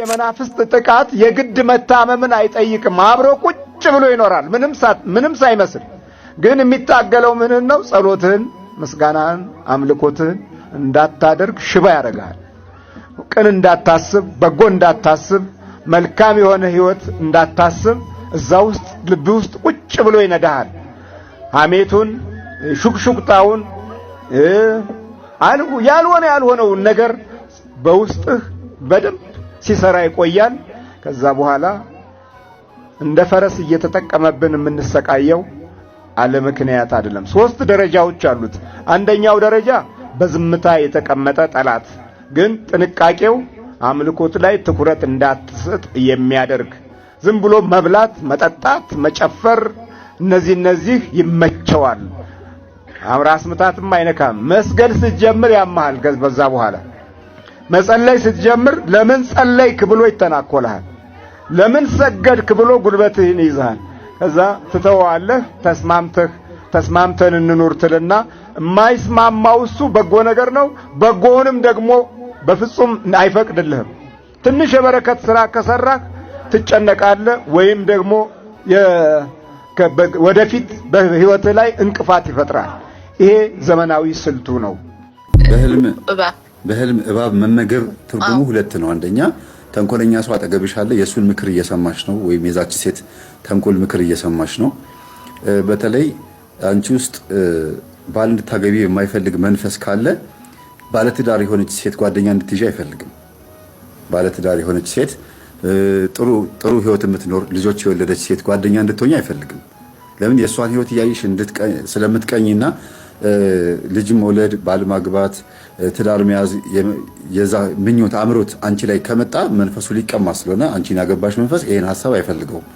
የመናፍስት ጥቃት የግድ መታመምን አይጠይቅም። አብሮ ቁጭ ብሎ ይኖራል ምንም ሳይመስል። ግን የሚታገለው ምንን ነው? ጸሎትህን፣ ምስጋናህን፣ አምልኮትህን እንዳታደርግ ሽባ ያደርግሃል። ቅን እንዳታስብ፣ በጎ እንዳታስብ፣ መልካም የሆነ ህይወት እንዳታስብ እዛ ውስጥ ልብ ውስጥ ቁጭ ብሎ ይነዳሃል። ሐሜቱን፣ ሹክሹክታውን ያልሆነ ያልሆነውን ነገር በውስጥህ በደንብ ሲሰራ ይቆያል። ከዛ በኋላ እንደ ፈረስ እየተጠቀመብን የምንሰቃየው አለ ምክንያት አይደለም። ሶስት ደረጃዎች አሉት። አንደኛው ደረጃ በዝምታ የተቀመጠ ጠላት ግን ጥንቃቄው አምልኮት ላይ ትኩረት እንዳትሰጥ የሚያደርግ ዝም ብሎ መብላት፣ መጠጣት፣ መጨፈር እነዚህ እነዚህ ይመቸዋል። አምራስ ምታትም አይነካም። መስገድ ስትጀምር ያመሃል በዛ በኋላ መጸለይ ስትጀምር ለምን ጸለይክ ብሎ ይተናኮልሃል። ለምን ሰገድክ ብሎ ጉልበትህን ይዝሃል። ከዛ ትተዋለህ። ተስማምተህ ተስማምተን እንኑር ትልና የማይስማማው እሱ በጎ ነገር ነው። በጎውንም ደግሞ በፍጹም አይፈቅድልህም። ትንሽ የበረከት ስራ ከሰራህ ትጨነቃለህ ወይም ደግሞ ወደፊት በህይወት ላይ እንቅፋት ይፈጥራል። ይሄ ዘመናዊ ስልቱ ነው። በህልም በህልም እባብ መመገብ ትርጉሙ ሁለት ነው። አንደኛ ተንኮለኛ ሰው አጠገብሽ አለ፣ የእሱን ምክር እየሰማሽ ነው፣ ወይም የዛች ሴት ተንኮል ምክር እየሰማሽ ነው። በተለይ አንቺ ውስጥ ባል እንድታገቢ የማይፈልግ መንፈስ ካለ ባለትዳር የሆነች ሴት ጓደኛ እንድትይዥ አይፈልግም። ባለትዳር የሆነች ሴት ጥሩ ጥሩ ህይወት የምትኖር ልጆች የወለደች ሴት ጓደኛ እንድትሆኝ አይፈልግም። ለምን? የእሷን ህይወት እያይሽ ስለምትቀኝና ልጅ መውለድ፣ ባል ማግባት፣ ትዳር መያዝ የዛ ምኞት አምሮት አንቺ ላይ ከመጣ መንፈሱ ሊቀማ ስለሆነ አንቺን ያገባሽ መንፈስ ይሄን ሀሳብ አይፈልገውም።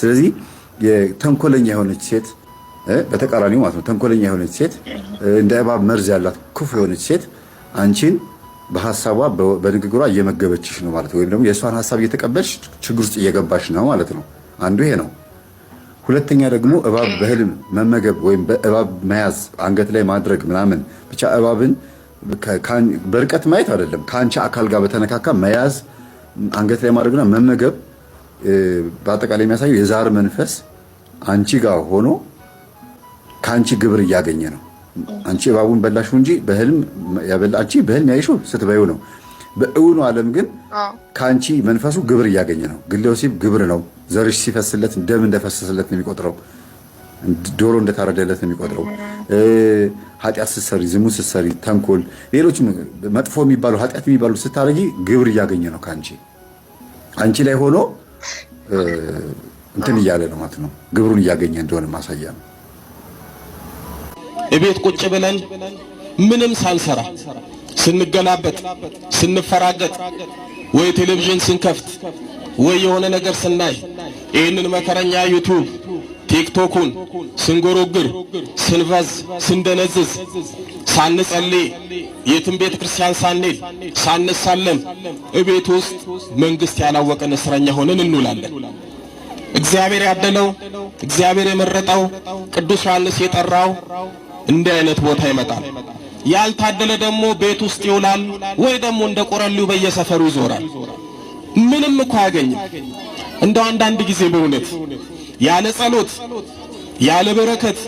ስለዚህ ተንኮለኛ የሆነች ሴት በተቃራኒው ማለት ነው። ተንኮለኛ የሆነች ሴት እንደ እባብ መርዝ ያላት ክፉ የሆነች ሴት አንቺን በሀሳቧ በንግግሯ እየመገበችሽ ነው ማለት ወይም ደግሞ የእሷን ሀሳብ እየተቀበልሽ ችግር ውስጥ እየገባሽ ነው ማለት ነው። አንዱ ይሄ ነው። ሁለተኛ ደግሞ እባብ በህልም መመገብ ወይም በእባብ መያዝ አንገት ላይ ማድረግ ምናምን ብቻ እባብን በርቀት ማየት አይደለም፣ ከአንቺ አካል ጋር በተነካካ መያዝ አንገት ላይ ማድረግና መመገብ በአጠቃላይ የሚያሳየው የዛር መንፈስ አንቺ ጋር ሆኖ ከአንቺ ግብር እያገኘ ነው። አንቺ እባቡን በላሹ እንጂ በህልም ያበላ አንቺ በህልም ያይሹ ስትበዩ ነው። በእውኑ ዓለም ግን ከአንቺ መንፈሱ ግብር እያገኘ ነው። ግሌ ወሲብ ግብር ነው። ዘርሽ ሲፈስለት ደም እንደፈሰስለት ነው የሚቆጥረው። ዶሮ እንደታረደለት ነው የሚቆጥረው። ኃጢአት ስትሰሪ፣ ዝሙት ስትሰሪ፣ ተንኮል፣ ሌሎች መጥፎ የሚባሉ ኃጢአት የሚባሉ ስታረጊ ግብር እያገኘ ነው ከአንቺ አንቺ ላይ ሆኖ እንትን እያለ ነው ማለት ነው። ግብሩን እያገኘ እንደሆነ ማሳያ ነው። እቤት ቁጭ ብለን ምንም ሳንሰራ ስንገላበጥ፣ ስንፈራገጥ፣ ወይ ቴሌቪዥን ስንከፍት፣ ወይ የሆነ ነገር ስናይ ይህንን መከረኛ ዩቱብ ቲክቶኩን ስንጎሮግር፣ ስንፈዝ፣ ስንደነዝዝ፣ ሳንጸልይ፣ የትም ቤተ ክርስቲያን ሳንል፣ ሳንሳለም እቤት ውስጥ መንግሥት ያላወቀን እስረኛ ሆነን እንውላለን። እግዚአብሔር ያደለው እግዚአብሔር የመረጠው ቅዱስ ዮሐንስ የጠራው እንዲህ አይነት ቦታ ይመጣል። ያልታደለ ደግሞ ቤት ውስጥ ይውላል፣ ወይ ደግሞ እንደ ቆረሌው በየሰፈሩ ይዞራል። ምንም እኮ አያገኝም። እንደው አንዳንድ ጊዜ በእውነት ያለ ጸሎት ያለ በረከት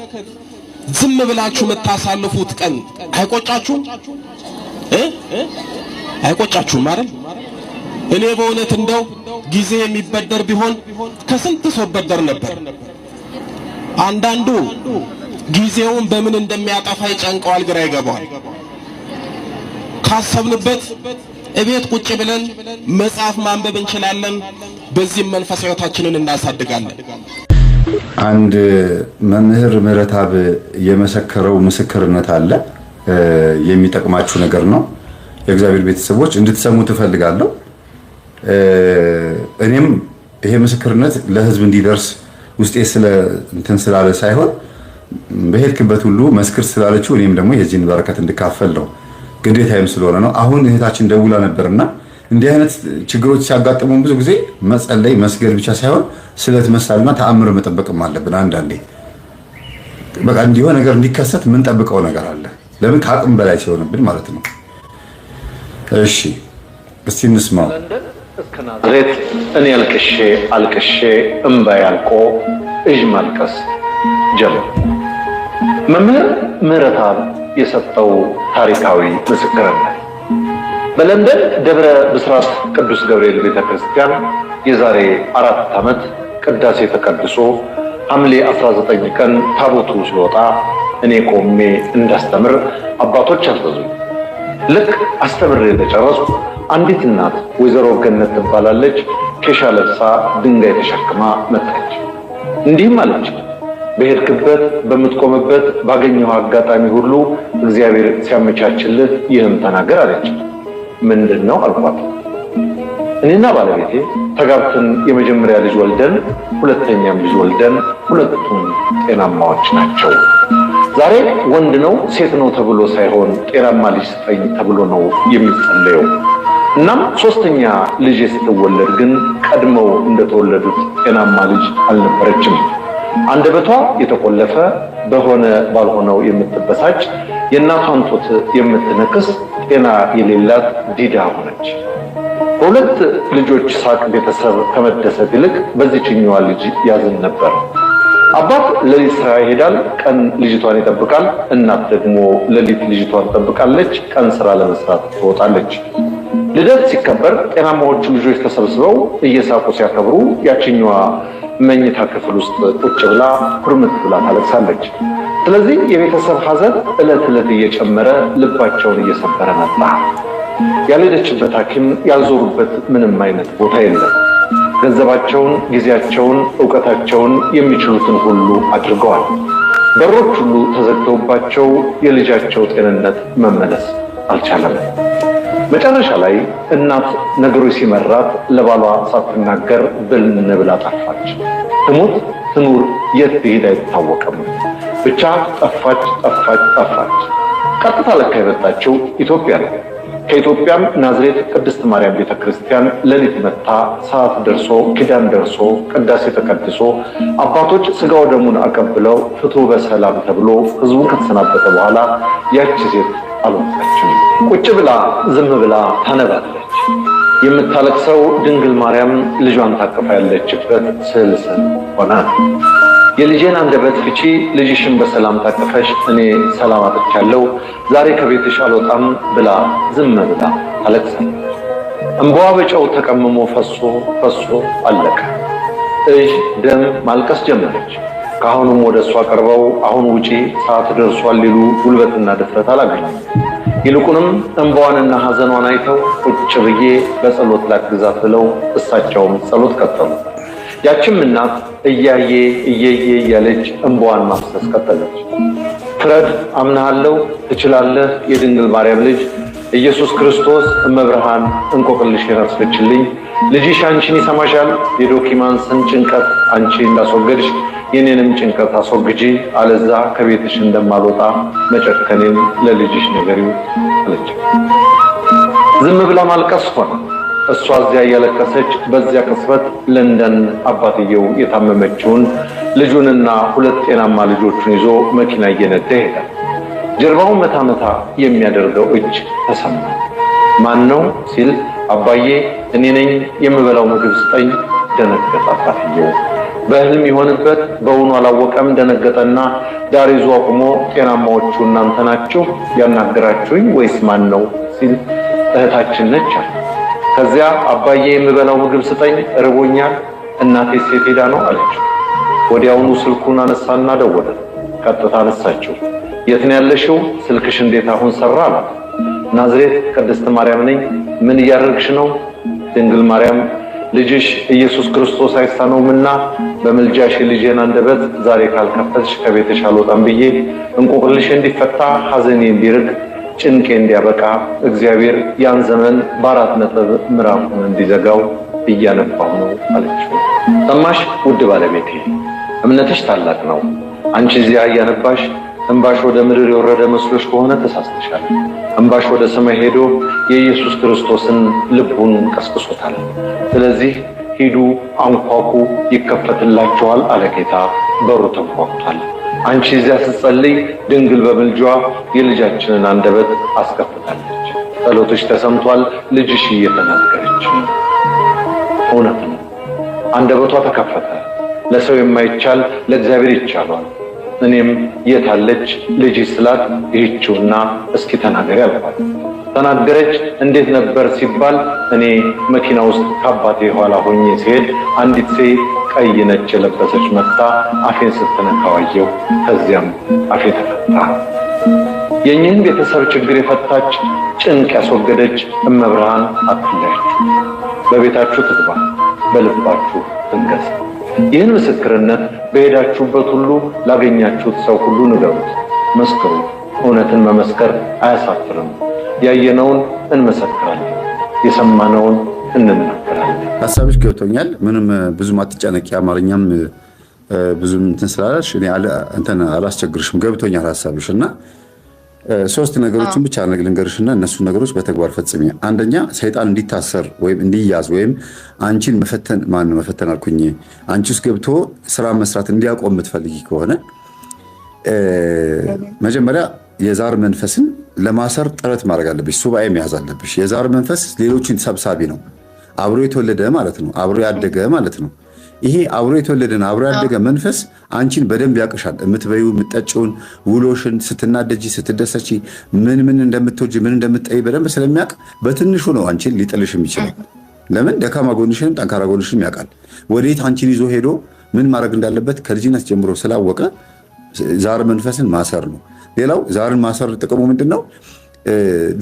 ዝም ብላችሁ የምታሳልፉት ቀን አይቆጫችሁም እ አይቆጫችሁም አይደል? እኔ በእውነት እንደው ጊዜ የሚበደር ቢሆን ከስንት ሰው በደር ነበር። አንዳንዱ ጊዜውን በምን እንደሚያጠፋ ይጨንቀዋል፣ ግራ ይገባዋል። ካሰብንበት እቤት ቁጭ ብለን መጽሐፍ ማንበብ እንችላለን። በዚህም መንፈሳዊ ሕይወታችንን እናሳድጋለን። አንድ መምህር ምህረተአብ የመሰከረው ምስክርነት አለ። የሚጠቅማችሁ ነገር ነው። የእግዚአብሔር ቤተሰቦች እንድትሰሙ ትፈልጋለሁ። እኔም ይሄ ምስክርነት ለህዝብ እንዲደርስ ውስጤ ስለ እንትን ስላለ ሳይሆን በሄድክበት ሁሉ መስክር ስላለችው እኔም ደግሞ የዚህን በረከት እንድካፈል ነው ግዴታዬም ስለሆነ ነው። አሁን እህታችን ደውላ ነበርና እንዲህ አይነት ችግሮች ሲያጋጥሙን ብዙ ጊዜ መጸለይ መስገድ ብቻ ሳይሆን ስለት መሳልና ተአምር መጠበቅም አለብን። አንዳንዴ በቃ እንዲሆ ነገር እንዲከሰት ምንጠብቀው ነገር አለ። ለምን ከአቅም በላይ ሲሆንብን ማለት ነው። እሺ እስቲ እንስማው። እስከ ናዝሬት እኔ አልቅሼ አልቅሼ እምባ ያልቆ እዥ ማልቀስ ጀመር መምህር ምህረትአብ የሰጠው ታሪካዊ ምስክርነት በለንደን ደብረ ብስራት ቅዱስ ገብርኤል ቤተ ክርስቲያን የዛሬ አራት ዓመት ቅዳሴ ተቀድሶ ሐምሌ 19 ቀን ታቦቱ ሲወጣ እኔ ቆሜ እንዳስተምር አባቶች አዘዙ። ልክ አስተምሬ እንደጨረስኩ አንዲት እናት ወይዘሮ ገነት ትባላለች፣ ኬሻ ለብሳ ድንጋይ ተሸክማ መጣች። እንዲህም አለች በሄድክበት በምትቆምበት ባገኘው አጋጣሚ ሁሉ እግዚአብሔር ሲያመቻችልህ ይህን ተናገር አለች። ምንድን ነው አልኳት። እኔና ባለቤቴ ተጋብተን የመጀመሪያ ልጅ ወልደን ሁለተኛም ልጅ ወልደን ሁለቱም ጤናማዎች ናቸው። ዛሬ ወንድ ነው ሴት ነው ተብሎ ሳይሆን ጤናማ ልጅ ስጠኝ ተብሎ ነው የሚጸለየው። እናም ሶስተኛ ልጅ ስትወለድ ግን ቀድመው እንደተወለዱት ጤናማ ልጅ አልነበረችም። አንደበቷ የተቆለፈ በሆነ ባልሆነው የምትበሳጭ የእናቷን ጡት የምትነክስ ጤና የሌላት ዲዳ ሆነች። በሁለት ልጆች ሳቅ ቤተሰብ ከመደሰት ይልቅ በዚችኛዋ ልጅ ያዝን ነበር። አባት ሌሊት ስራ ይሄዳል፣ ቀን ልጅቷን ይጠብቃል። እናት ደግሞ ሌሊት ልጅቷን ትጠብቃለች፣ ቀን ስራ ለመስራት ትወጣለች። ልደት ሲከበር ጤናማዎቹ ልጆች ተሰብስበው እየሳቁ ሲያከብሩ ያችኛዋ መኝታ ክፍል ውስጥ ቁጭ ብላ ኩርምት ብላ ታለቅሳለች። ስለዚህ የቤተሰብ ሐዘን ዕለት ዕለት እየጨመረ ልባቸውን እየሰበረ መጣ። ያልሄደችበት ሐኪም ያልዞሩበት ምንም አይነት ቦታ የለም። ገንዘባቸውን፣ ጊዜያቸውን፣ እውቀታቸውን የሚችሉትን ሁሉ አድርገዋል። በሮች ሁሉ ተዘግተውባቸው የልጃቸው ጤንነት መመለስ አልቻለም። መጨረሻ ላይ እናት ነገሮች ሲመራት ለባሏ ሳትናገር ብል ብላ ጠፋች። ትሙት ትኑር፣ የት ትሄድ አይታወቅም። ብቻ ጠፋች፣ ጠፋች፣ ጠፋች። ቀጥታ ለካ የመጣችው ኢትዮጵያ ነው። ከኢትዮጵያም ናዝሬት ቅድስት ማርያም ቤተ ክርስቲያን ሌሊት መታ ሰዓት ደርሶ ኪዳን ደርሶ ቅዳሴ ተቀድሶ አባቶች ስጋው ደሙን አቀብለው ፍቱ በሰላም ተብሎ ህዝቡን ከተሰናበተ በኋላ ያቺ ሴት አልሆነችም። ቁጭ ብላ ዝም ብላ ታነባለች። የምታለቅሰው ድንግል ማርያም ልጇን ታቅፋ ያለችበት ስዕል ስዕል ሆነ። የልጄን አንደበት ፍቺ፣ ልጅሽን በሰላም ታቅፈሽ እኔ ሰላም አጥቻለሁ፣ ዛሬ ከቤትሽ አልወጣም ብላ ዝም ብላ ታለቅሳለች። እንባዋ በጨው ተቀምሞ ፈሶ ፈሶ አለቀ። እጅ ደም ማልቀስ ጀመረች። ከአሁኑም ወደ እሷ ቀርበው አሁን ውጪ ሰዓት ደርሷል ሊሉ ጉልበትና ድፍረት አላገኙም። ይልቁንም እንባዋንና ሐዘኗን አይተው ቁጭ ብዬ በጸሎት ላግዛት ብለው እሳቸውም ጸሎት ቀጠሉ። ያችም እናት እያየ እየየ እያለች እንባዋን ማፍሰስ ቀጠለች። ፍረድ፣ አምናሃለሁ፣ ትችላለህ፣ የድንግል ማርያም ልጅ ኢየሱስ ክርስቶስ እመብርሃን እንቆቅልሽ አስፈችልኝ፣ ልጅሽ አንቺን ይሰማሻል፣ የዶኪማንስን ጭንቀት አንቺ እንዳስወገድሽ የኔንም ጭንቀት አስወግጂ፣ አለዛ ከቤትሽ እንደማልወጣ መጨከኔን ለልጅሽ ነገሪው አለች። ዝም ብላ ማልቀስ ሆነ። እሷ እዚያ እያለቀሰች፣ በዚያ ቅጽበት ለንደን አባትየው የታመመችውን ልጁንና ሁለት ጤናማ ልጆቹን ይዞ መኪና እየነዳ ይሄዳል። ጀርባውን መታ መታ የሚያደርገው እጅ ተሰማ። ማን ነው ሲል አባዬ፣ እኔ ነኝ፣ የምበላው ምግብ ስጠኝ። ደነገጠ አባትየው። በህልም የሆንበት በውኑ አላወቀም። ደነገጠና ዳር ይዞ አቁሞ ጤናማዎቹ እናንተ ናችሁ ያናገራችሁኝ ወይስ ማን ነው ሲል እህታችን ነች። ከዚያ አባዬ የምበላው ምግብ ስጠኝ እርቦኛል፣ እናቴ ሴት ሄዳ ነው አለች። ወዲያውኑ ስልኩን አነሳና ደወለ። ቀጥታ አነሳችው። የት ነው ያለሽው? ስልክሽ እንዴት አሁን ሰራ አላት። ናዝሬት ቅድስት ማርያም ነኝ። ምን እያደረግሽ ነው? ድንግል ማርያም ልጅሽ ኢየሱስ ክርስቶስ አይሳነውምና በምልጃሽ የልጄን አንደበት ዛሬ ካልከፈትሽ ከቤትሽ አልወጣም ብዬ እንቆቅልሽ እንዲፈታ ሐዘኔ እንዲርቅ ጭንቄ እንዲያበቃ እግዚአብሔር ያን ዘመን በአራት ነጥብ ምዕራፉን እንዲዘጋው እያነባሁ ነው አለችው። ሰማሽ ውድ ባለቤቴ፣ እምነትሽ ታላቅ ነው። አንቺ እዚያ እያነባሽ እንባሽ ወደ ምድር የወረደ መስሎሽ ከሆነ ተሳስተሻል። አምባሽ ወደ ሰማይ ሄዶ የኢየሱስ ክርስቶስን ልቡን ቀስቅሶታል። ስለዚህ ሂዱ፣ አንኳኩ፣ ይከፈትላቸዋል አለ ጌታ። በሩ ተንኳኩቷል። አንቺ እዚያ ስትጸልይ ድንግል በምልጇ የልጃችንን አንደበት አስከፍታለች። ጸሎትሽ ተሰምቷል፣ ልጅሽ እየተናገረች እውነት ነው። አንደበቷ ተከፈተ። ለሰው የማይቻል ለእግዚአብሔር ይቻሏል። እኔም የታለች ልጅ ስላት ይህችውና እስኪ ተናገሪ አልኳት። ተናገረች። እንዴት ነበር ሲባል እኔ መኪና ውስጥ ከአባቴ የኋላ ሆኜ ሲሄድ አንዲት ሴ ቀይ ነጭ የለበሰች መጥታ አፌን ስትነካዋየው ከዚያም አፌ ተፈታ። የእኚህን ቤተሰብ ችግር የፈታች ጭንቅ ያስወገደች እመብርሃን አትለያችሁ። በቤታችሁ ትግባ፣ በልባችሁ ትንገስ። ይህን ምስክርነት በሄዳችሁበት ሁሉ ላገኛችሁት ሰው ሁሉ ንገሩት፣ መስክሩ። እውነትን መመስከር አያሳፍርም። ያየነውን እንመሰክራለን፣ የሰማነውን እንናገራለን። ሀሳብሽ ገብቶኛል። ምንም ብዙም አትጨነቂ። አማርኛም ብዙም እንትን ስላላሽ እኔ እንትን አላስቸግርሽም። ገብቶኛል ሀሳብሽ እና ሶስት ነገሮችን ብቻ ልንገርሽና እነሱ ነገሮች በተግባር ፈጽሚ። አንደኛ ሰይጣን እንዲታሰር ወይም እንዲያዝ ወይም አንቺን መፈተን ማን መፈተን አልኩኝ፣ አንቺ ውስጥ ገብቶ ስራ መስራት እንዲያቆም የምትፈልጊ ከሆነ መጀመሪያ የዛር መንፈስን ለማሰር ጥረት ማድረግ አለብሽ። ሱባኤ መያዝ አለብሽ። የዛር መንፈስ ሌሎችን ሰብሳቢ ነው። አብሮ የተወለደ ማለት ነው። አብሮ ያደገ ማለት ነው። ይሄ አብሮ የተወለደን አብሮ ያደገ መንፈስ አንቺን በደንብ ያውቅሻል። የምትበዩ የምትጠጪውን፣ ውሎሽን፣ ስትናደጂ፣ ስትደሰቺ፣ ምን ምን እንደምትወጂ፣ ምን እንደምትጠይ በደንብ ስለሚያውቅ በትንሹ ነው አንቺን ሊጥልሽ የሚችለው። ለምን ደካማ ጎንሽንም ጠንካራ ጎንሽንም ያውቃል። ወዴት አንቺን ይዞ ሄዶ ምን ማድረግ እንዳለበት ከልጅነት ጀምሮ ስላወቀ ዛር መንፈስን ማሰር ነው። ሌላው ዛርን ማሰር ጥቅሙ ምንድን ነው?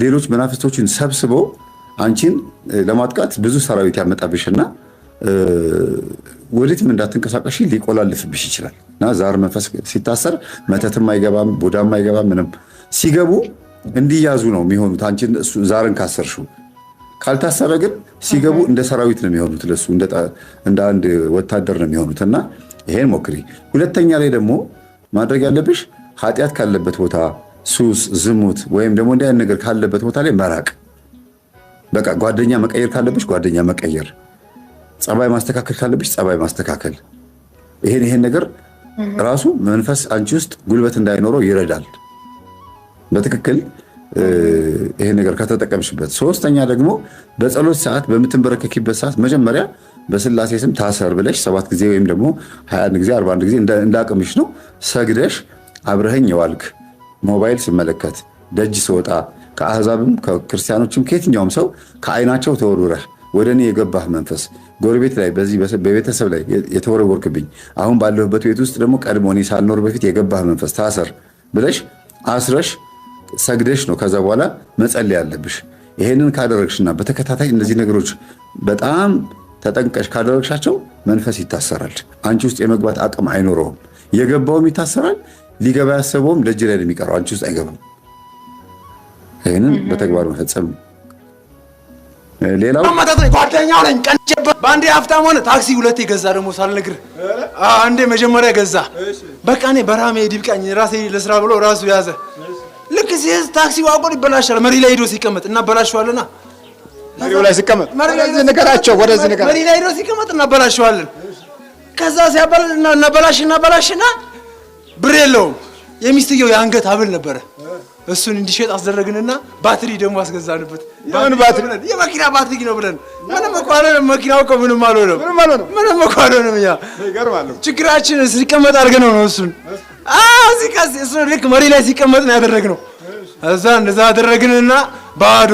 ሌሎች መናፍስቶችን ሰብስበው አንቺን ለማጥቃት ብዙ ሰራዊት ያመጣብሽና ወዴትም እንዳትንቀሳቀሽ ሊቆላልፍብሽ ይችላል እና ዛር መንፈስ ሲታሰር መተትም አይገባም፣ ቡዳም አይገባም። ምንም ሲገቡ እንዲያዙ ነው የሚሆኑት አንቺን ዛርን ካሰርሽው። ካልታሰረ ግን ሲገቡ እንደ ሰራዊት ነው የሚሆኑት፣ ለሱ እንደ አንድ ወታደር ነው የሚሆኑት እና ይሄን ሞክሪ። ሁለተኛ ላይ ደግሞ ማድረግ ያለብሽ ኃጢአት ካለበት ቦታ ሱስ፣ ዝሙት ወይም ደግሞ እንዲህ ዓይነት ነገር ካለበት ቦታ ላይ መራቅ። በቃ ጓደኛ መቀየር ካለብሽ ጓደኛ መቀየር ጸባይ ማስተካከል ካለብሽ ጸባይ ማስተካከል፣ ይሄን ይሄን ነገር ራሱ መንፈስ አንቺ ውስጥ ጉልበት እንዳይኖረው ይረዳል። በትክክል ይሄን ነገር ከተጠቀምሽበት። ሶስተኛ ደግሞ በጸሎት ሰዓት በምትንበረከኪበት ሰዓት መጀመሪያ በስላሴ ስም ታሰር ብለሽ ሰባት ጊዜ ወይም ደግሞ 21 ጊዜ 41 ጊዜ እንዳቅምሽ ነው ሰግደሽ አብረኸኝ የዋልክ ሞባይል ስመለከት፣ ደጅ ስወጣ፣ ከአህዛብም ከክርስቲያኖችም ከየትኛውም ሰው ከአይናቸው ተወርውረህ ወደ እኔ የገባህ መንፈስ ጎረቤት ላይ በዚህ በቤተሰብ ላይ የተወረወርክብኝ አሁን ባለሁበት ቤት ውስጥ ደግሞ ቀድሞ እኔ ሳልኖር በፊት የገባህ መንፈስ ታሰር ብለሽ አስረሽ ሰግደሽ ነው ከዛ በኋላ መጸለይ ያለብሽ። ይሄንን ካደረግሽና በተከታታይ እነዚህ ነገሮች በጣም ተጠንቀሽ ካደረግሻቸው መንፈስ ይታሰራል። አንቺ ውስጥ የመግባት አቅም አይኖረውም። የገባውም ይታሰራል። ሊገባ ያሰበውም ደጅ ላይ የሚቀረው አንቺ ውስጥ አይገባም። ይህንን በተግባር መፈጸም ሌላው አመጣጣኝ ጓደኛው ነኝ ቀንጀበት በአንዴ ሀብታም ሆነ። ታክሲ ሁለቴ ገዛ ደግሞ ሳልነግር አንዴ መጀመሪያ ገዛ። በቃ እኔ በራሜ መሄድ ራሴ ለስራ ብሎ ራሱ ያዘ። ልክ ሲይዝ ታክሲ ዋቆን ይበላሻል። መሪ ላይ ሄዶ ሲቀመጥ እናበላሸዋለንና መሪው ላይ ሲቀመጥ ንገራቸው፣ ወደዚህ ንገራቸው። መሪ ላይ ሄዶ ሲቀመጥ እናበላሸዋለን። ከዛ ሲያበላሽ እናበላሽ እናበላሽና ብር የለውም የሚስትየው የአንገት ሀብል ነበረ። እሱን እንዲሸጥ አስደረግንና ባትሪ ደግሞ አስገዛንበት። የመኪና ባትሪ ነው ብለን ምንም እኮ አልሆነም። መኪናው እኮ ምንም አልሆነም። ምንም እኮ አልሆነም። እኛ ችግራችን ሲቀመጥ አድርገነው ነው እሱን እሱ ልክ መሬት ላይ ሲቀመጥ ነው ያደረግነው። እዛ እንደዛ አደረግንና ባዶ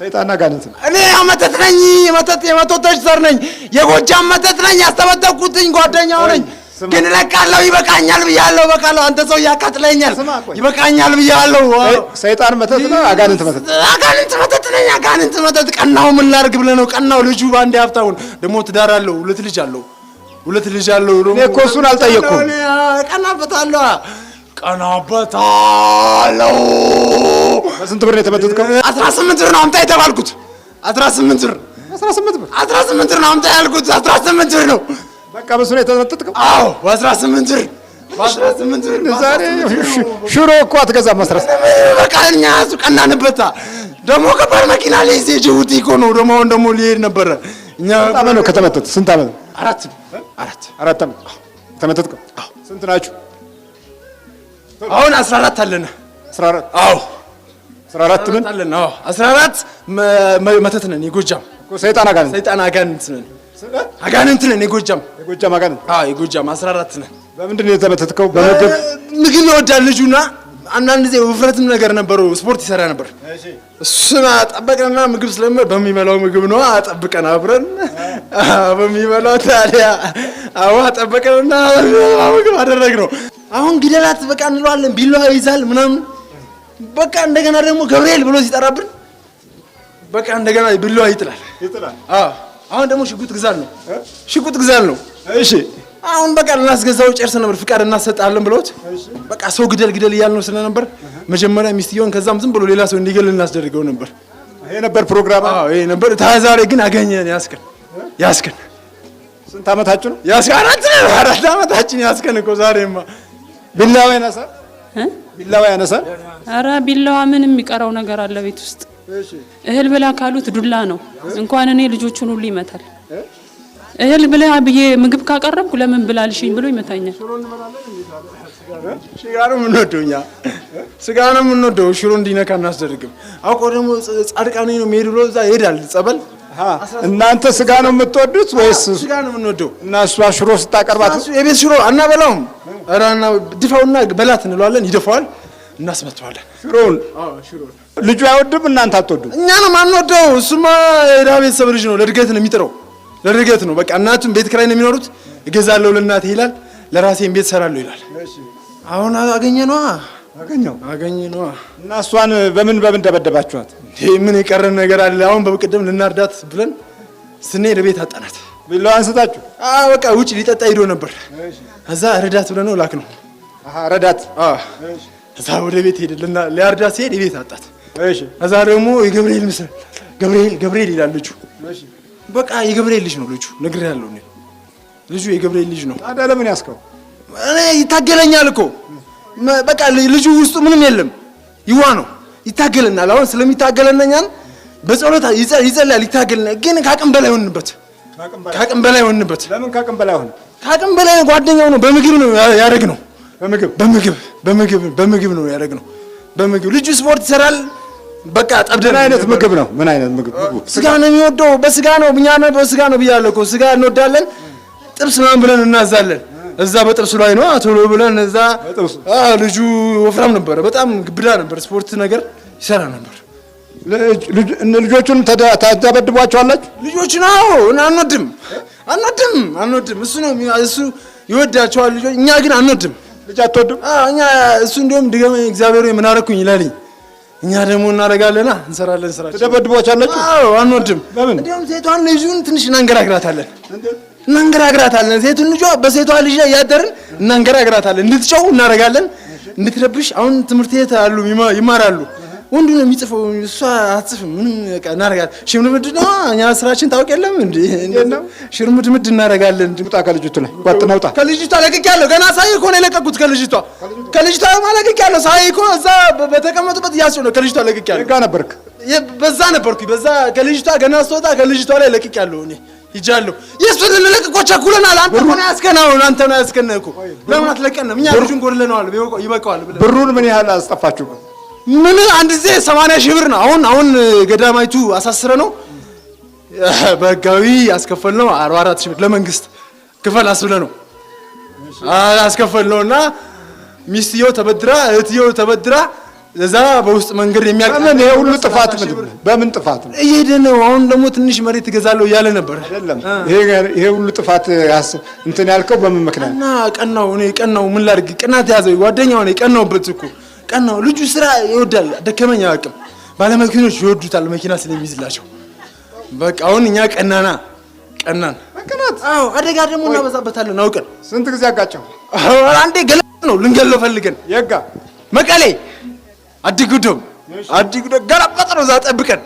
ሰይጣና ጋነት ነው። እኔ መተት ነኝ፣ መተት የመተቶች ዘር ነኝ፣ የጎጃም መተት ነኝ። ያስተበጠኩትኝ ጓደኛው ነኝ ግን እለቃለሁ። ይበቃኛል ብያለሁ። በቃለሁ። አንተ ሰው ያቃጥለኛል። ይበቃኛል ብያለሁ። ሰይጣን መተት ነው። አጋንንት መተት አጋንንት መተት ነኝ። አጋንንት መተት ቀናው። ምን ላድርግ ብለህ ነው ቀናው። ልጁ ባንዴ ሀብታውን ደግሞ ትዳር አለው። ሁለት ልጅ አለው። ሁለት ልጅ አለው። እኔ እኮ እሱን አልጠየቅኩም። ቀናበታለሁ ቀናበታለሁ። ስንት ብር ነው የተመተትከው? አስራ ስምንት ብር ነው አምጣ የተባልኩት። አስራ ስምንት ብር አስራ ስምንት ብር አስራ ስምንት ብር ነው አምጣ ያልኩት። አስራ ስምንት ብር ነው በቃ በሱ ነው የተነጠጥከው? አዎ፣ በአስራ ስምንት ብር በአስራ ስምንት ብር ዛሬ ሽሮ እኮ አትገዛም። አስራ በቃ እኛ እሱ ቀናንበታ። ደግሞ ከባድ መኪና ላይ ሴ ጅቡቲ እኮ ነው። ደግሞ አሁን ደግሞ ሊሄድ ነበረ። እኛ አመት ነው ከተመተት። ስንት አመት? አራት አራት አራት አመት ተመተትከው። ስንት ናችሁ አሁን? አስራ አራት አለን። አስራ አራት አዎ አስራ አራት ምን አለን? አዎ አስራ አራት መተት ነን። የጎጃም ሰይጣን አጋንንት ሰይጣን አጋንንት ነን። አጋንንት ነን። የጎጃም የጎጃም አጋንንት? አዎ የጎጃም አስራ አራት ነን። በምንድን ነው የተመተትከው? በምግብ ምግብ ይወዳል ልጁና አንዳንድ ጊዜ ውፍረትም ነገር ነበሩ። ስፖርት ይሰራ ነበር። እሱን አጠበቀና ምግብ ስለመ በሚበላው ምግብ ነው አጠብቀን አብረን በሚበላው ታዲያ አዎ አጠበቀንና ምግብ አደረግነው። አሁን ግደላት በቃ እንለዋለን። ቢላዋ ይዛል ምናምን በቃ እንደገና ደግሞ ገብርኤል ብሎ ሲጠራብን በቃ እንደገና ቢላዋ ይጥላል ይጥላል። አዎ አሁን ደግሞ ሽጉጥ ግዛል ነው ሽጉጥ ግዛል ነው። እሺ አሁን በቃ ልናስገዛው ጨርሰን ነበር፣ ፍቃድ እናሰጣለን ብለውት በቃ ሰው ግደል ግደል እያልን ነው ስለነበር መጀመሪያ ሚስትየውን ከዛም ዝም ብሎ ሌላ ሰው እንዲገል እናስደርገው ነበር። ይሄ ነበር ፕሮግራም። አዎ ይሄ ነበር። ዛሬ ግን አገኘን። ያስከን ያስከን ስንት አመታችሁ ነው? ያስከ አራት ነው አራት አመታችን ያስከን እኮ ዛሬማ ቢላዋ ያነሳ ቢላዋ ያነሳ። ኧረ ቢላዋ ምንም የሚቀረው ነገር አለ ቤት ውስጥ እህል ብላ ካሉት ዱላ ነው። እንኳን እኔ ልጆቹን ሁሉ ይመታል። እህል ብላ ብዬ ምግብ ካቀረብኩ ለምን ብላልሽኝ ብሎ ይመታኛል። ስጋ ነው የምንወደው እኛ ስጋ ነው የምንወደው። ሽሮ እንዲነካ እናስደርግም። አውቆ ደግሞ ጻድቃኔ ነው የሚሄድ ብሎ እዛ ይሄዳል ጸበል እናንተ ስጋ ነው የምትወዱት ወይስ? ስጋ ነው የምንወደው። እና እሷ ሽሮ ስታቀርባት የቤት ሽሮ አናበላውም። ራና ድፋውና በላት እንለዋለን። ይደፋዋል፣ እናስመተዋለን ሽሮውን ልጁ አይወድም፣ እናንተ አትወዱ እኛ ነው ማንወደው። እሱማ የድሃ ቤተሰብ ልጅ ነው። ለእድገት ነው የሚጥረው፣ ለእድገት ነው በቃ። እናቱም ቤት ክራይ ነው የሚኖሩት። እገዛለሁ ለእናቴ ይላል፣ ለራሴም ቤት ሰራለው ይላል። አሁን አገኘ ነዋ አገኘው አገኘ ነዋ። እና እሷን በምን በምን ደበደባችኋት? ምን የቀረን ነገር አለ? አሁን በቅድም ልናርዳት ብለን ስንሄድ ቤት አጣናት። ቢላዋ አንስታችሁ በቃ ውጭ ሊጠጣ ሂዶ ነበር። እዛ ረዳት ነው ላክ ነው ረዳት። እዛ ወደ ቤት ሄደ ሊያርዳት ሲሄድ ቤት አጣት። እዛ ደግሞ የገብርኤል ምስል ገብርኤል ገብርኤል ይላል ልጁ። በቃ የገብርኤል ልጅ ነው ልጁ። ነግሬሃለሁ፣ ልጁ የገብርኤል ልጅ ነው። ታዲያ ለምን ያስከው? እኔ ይታገለኛል እኮ በቃ ልጁ ውስጡ ምንም የለም፣ ይዋ ነው። ይታገለናል። አሁን ስለሚታገለነኛን በጸሎት ይጸልያል፣ ይታገለናል። ግን ከአቅም በላይ ሆንበት፣ ከአቅም በላይ ሆንበት። ለምን ከአቅም በላይ ሆነ? ከአቅም በላይ ጓደኛው ነው። በምግብ ነው ያደረግነው፣ በምግብ በምግብ በምግብ ነው ያደረግነው። በምግብ ልጁ ስፖርት ይሰራል በቃ ጠብደ ምን አይነት ምግብ ነው? ምን አይነት ምግብ? ስጋ ነው የሚወደው። በስጋ ነው እኛ በስጋ ነው ብያለሁ እኮ ስጋ እንወዳለን። ጥብስ ምናምን ብለን እናዛለን። እዛ በጥብሱ ላይ ነው ቶሎ ብለን እዛ። ልጁ ወፍራም ነበረ፣ በጣም ግብዳ ነበር። ስፖርት ነገር ይሰራ ነበር። ልጆቹን ታዳበድቧቸዋላችሁ? ልጆቹን አዎ፣ አንወድም፣ አንወድም፣ አንወድም። እሱ ነው እሱ ይወዳቸዋል ልጆች፣ እኛ ግን አንወድም። ልጅ አትወድም? እኛ እሱ እንዲሁም ድገመኝ እግዚአብሔር ምን አደረኩኝ ይላልኝ እኛ ደግሞ እናደርጋለና እንሰራለን። ስራችን ተደበድቧቻላችሁ? አዎ፣ አንወድም። እንዲያውም ሴቷን ልጁን ትንሽ እናንገራግራታለን እናንገራግራታለን። ሴቱን ልጇ በሴቷ ልጅ ላይ ያደርን እናንገራግራታለን። እንድትጨው እናደርጋለን፣ እንድትረብሽ። አሁን ትምህርት ቤት አሉ ይማራሉ ወንዱ ነው የሚጽፈው፣ እሷ አትጽፍም። ምንም በቃ እናደርጋለን። ሽምድምድ ነው እኛ ስራችን ታውቅ የለም እንዴ? ነው ሽምድምድ እናደርጋለን። ውጣ ከልጅቱ ላይ ዋጥ ነውጣ። ከልጅቷ ለቅቄያለሁ። ገና ሳይ እኮ ነው የለቀቁት። ከልጅቷ ከልጅቷ ለቅቄያለሁ። ሳይ እኮ እዛ በተቀመጡበት እያስጨው ነው። ከልጅቷ ለቅቄያለሁ። ጋ ነበርክ? በዛ ነበርኩ። በዛ ከልጅቷ ገና ስትወጣ ከልጅቷ ላይ ለቅቄያለሁ እኔ ይጃሉ የሱን ልለቅ እኮ ቸኩለናል። አንተ ሆነ ያስከናው አንተ ነው ያስከነኩ ለምን አትለቀንም? እኛ ልጁን ጎድለነዋል፣ ይበቃዋል ብለህ ብሩን ምን ያህል አስጠፋችሁ? ምን አንድ ጊዜ 80 ሺህ ብር ነው። አሁን አሁን ገዳማይቱ አሳስረ ነው በህጋዊ ያስከፈል ነው 44 ሺህ ብር ለመንግስት ክፈል አስብለ ነው አስከፈል ነው እና ሚስትየው ተበድራ እህትየው ተበድራ እዛ በውስጥ መንገድ የሚያልቅ ምን ይሄ ሁሉ ጥፋት ምን በምን ጥፋት ነው እየሄደ ነው። አሁን ደግሞ ትንሽ መሬት እገዛለሁ እያለ ነበር። አይደለም ይሄ ሁሉ ጥፋት ያስ እንትን ያልከው በምን ምክንያት እና ቀናው እኔ ቀናው ምን ላድርግ? ቅናት ያዘው ጓደኛው እኔ ቀናውበት እኮ ቀን ነው። ልጁ ስራ ይወዳል። ደከመኝ አያውቅም። ባለመኪኖች ይወዱታል መኪና ስለሚይዝላቸው። በቃ አሁን እኛ ቀናና ቀናን መቀናት። አዎ አደጋ ደግሞ እናበዛበታለን አውቀን። ስንት ጊዜ አጋጨው። አንዴ ገለ ነው ልንገለው ፈልገን የጋ መቀሌ አዲጉዶም አዲጉዶ ገለበጥ ነው እዛ ጠብቀን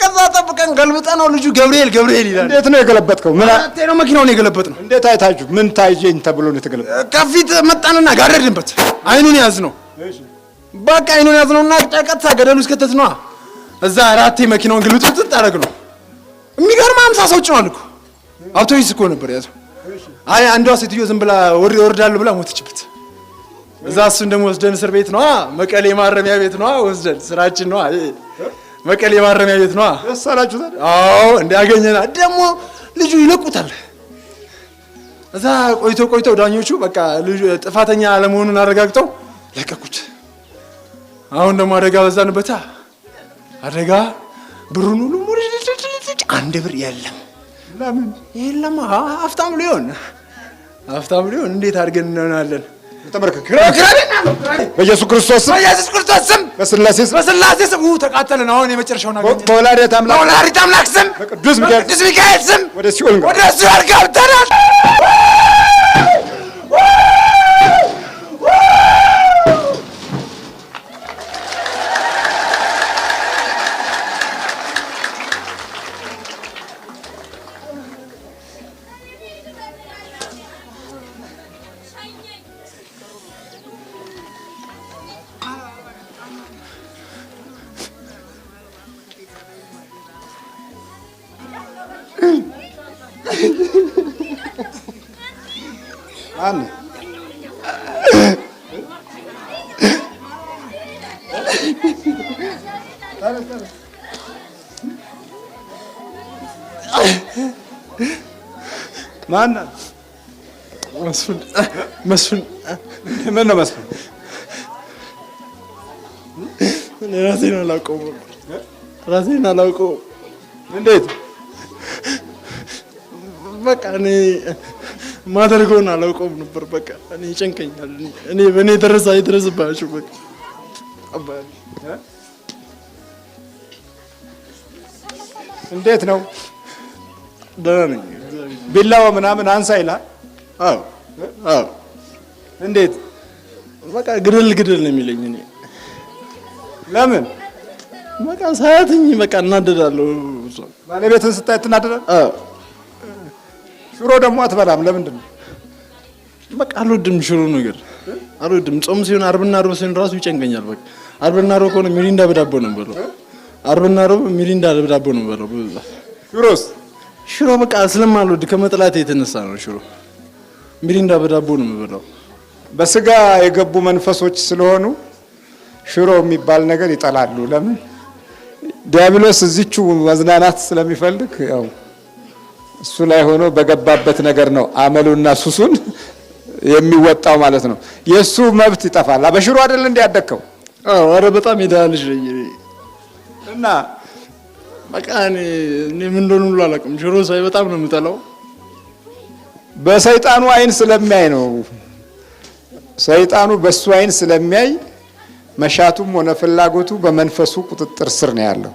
ከዛ ጠብቀን ገልብጠ ነው ልጁ ገብርኤል ገብርኤል ይላል። እንዴት ነው የገለበጥከው? ምን አቴ ነው መኪናውን የገለበጥ ነው? እንዴት አይታችሁ? ምን ታይጄኝ ተብሎ ነው የተገለበጠ። ከፊት መጣንና ጋረድንበት። አይኑን ያዝ ነው በቃ አይኑን ያዝነውና ቀጥታ ገደሉ እስከተት ነዋ። እዛ አራቴ መኪናውን ግልብጥጥ ታረግ ነው። የሚገርም አምሳ ሰው ጭኗል እኮ አውቶቢስ እኮ ነበር ያዘው። አይ አንዷ ሴትዮ ዝም ብላ ወርድ ወርዳለሁ ብላ ሞተችበት። እዛ እሱን ደግሞ ወስደን እስር ቤት ነዋ፣ መቀሌ ማረሚያ ቤት ነዋ ወስደን ስራችን ነዋ፣ መቀሌ ማረሚያ ቤት ነዋ። ያሳላችሁ አዎ እንዲያገኘና ደግሞ ልጁ ይለቁታል። እዛ ቆይቶ ቆይቶ ዳኞቹ በቃ ጥፋተኛ አለመሆኑን አረጋግጠው ለቀቁት። አሁን ደግሞ አደጋ በዛንበታ አደጋ ብሩን ሁሉ አንድ ብር የለም። ለምን የለም? ሀብታም ሊሆን ሀብታም ሊሆን እንዴት አድርገን እንሆናለን? በኢየሱስ ክርስቶስ ስም በኢየሱስ ክርስቶስ ስም በስላሴ ስም በስላሴ ስም ተቃጠልን። አሁን የመጨረሻውን አገኘን። በወላዲተ አምላክ ስም በቅዱስ ሚካኤል ስም ወደ ሲኦል ገብተናል። ማናት? መስፍን መስፍን፣ ምን ነው መስፍን? እኔ ራሴን አላውቀውም፣ ራሴን አላውቀውም። እንዴት በቃ እኔ ማደርገውን አላውቀውም ነበር። በቃ እኔ ይጨንቀኛል። እኔ በእኔ የተረሳ አይደረስባችሁ። በቃ እንዴት ነው? ደህና ነኝ። ቢላዋ ምናምን አንሳ ይላል። አዎ አዎ። እንዴት በቃ ግድል ግድል ነው የሚለኝ። እኔ ለምን በቃ ሳያትኝ በቃ እናደዳለሁ። ባለቤትን ስታይ ትናደዳል። ሽሮ ደግሞ አትበላም። ለምንድን ነው? በቃ አልወድም ሽሮ ነገር አልወድም። ጾም ሲሆን አርብና ሮብ ሲሆን ራሱ ይጨንቀኛል። በቃ አርብና ሮብ ከሆነ ሚሪንዳ በዳቦ ነው የምበለው። አርብና ሮብ ሚሪንዳ በዳቦ ነው የምበለው። ሽሮስ ሽሮ በቃ ስለማልወድ ከመጥላት የተነሳ ነው ሽሮ ሚሪንዳ በዳቦ ነው የምበለው። በስጋ የገቡ መንፈሶች ስለሆኑ ሽሮ የሚባል ነገር ይጠላሉ። ለምን? ዲያብሎስ እዚቹ መዝናናት ስለሚፈልግ ያው እሱ ላይ ሆኖ በገባበት ነገር ነው አመሉና ሱሱን የሚወጣው ማለት ነው። የእሱ መብት ይጠፋል። በሽሮ አይደል እንዲያደግከው? አረ በጣም ይዳል እና በቃ እኔ ምን እንደሆነ ሁሉ አላውቅም። ሽሮ ሳይ በጣም ነው የምጠላው። በሰይጣኑ አይን ስለሚያይ ነው። ሰይጣኑ በእሱ አይን ስለሚያይ መሻቱም ሆነ ፍላጎቱ በመንፈሱ ቁጥጥር ስር ነው ያለው።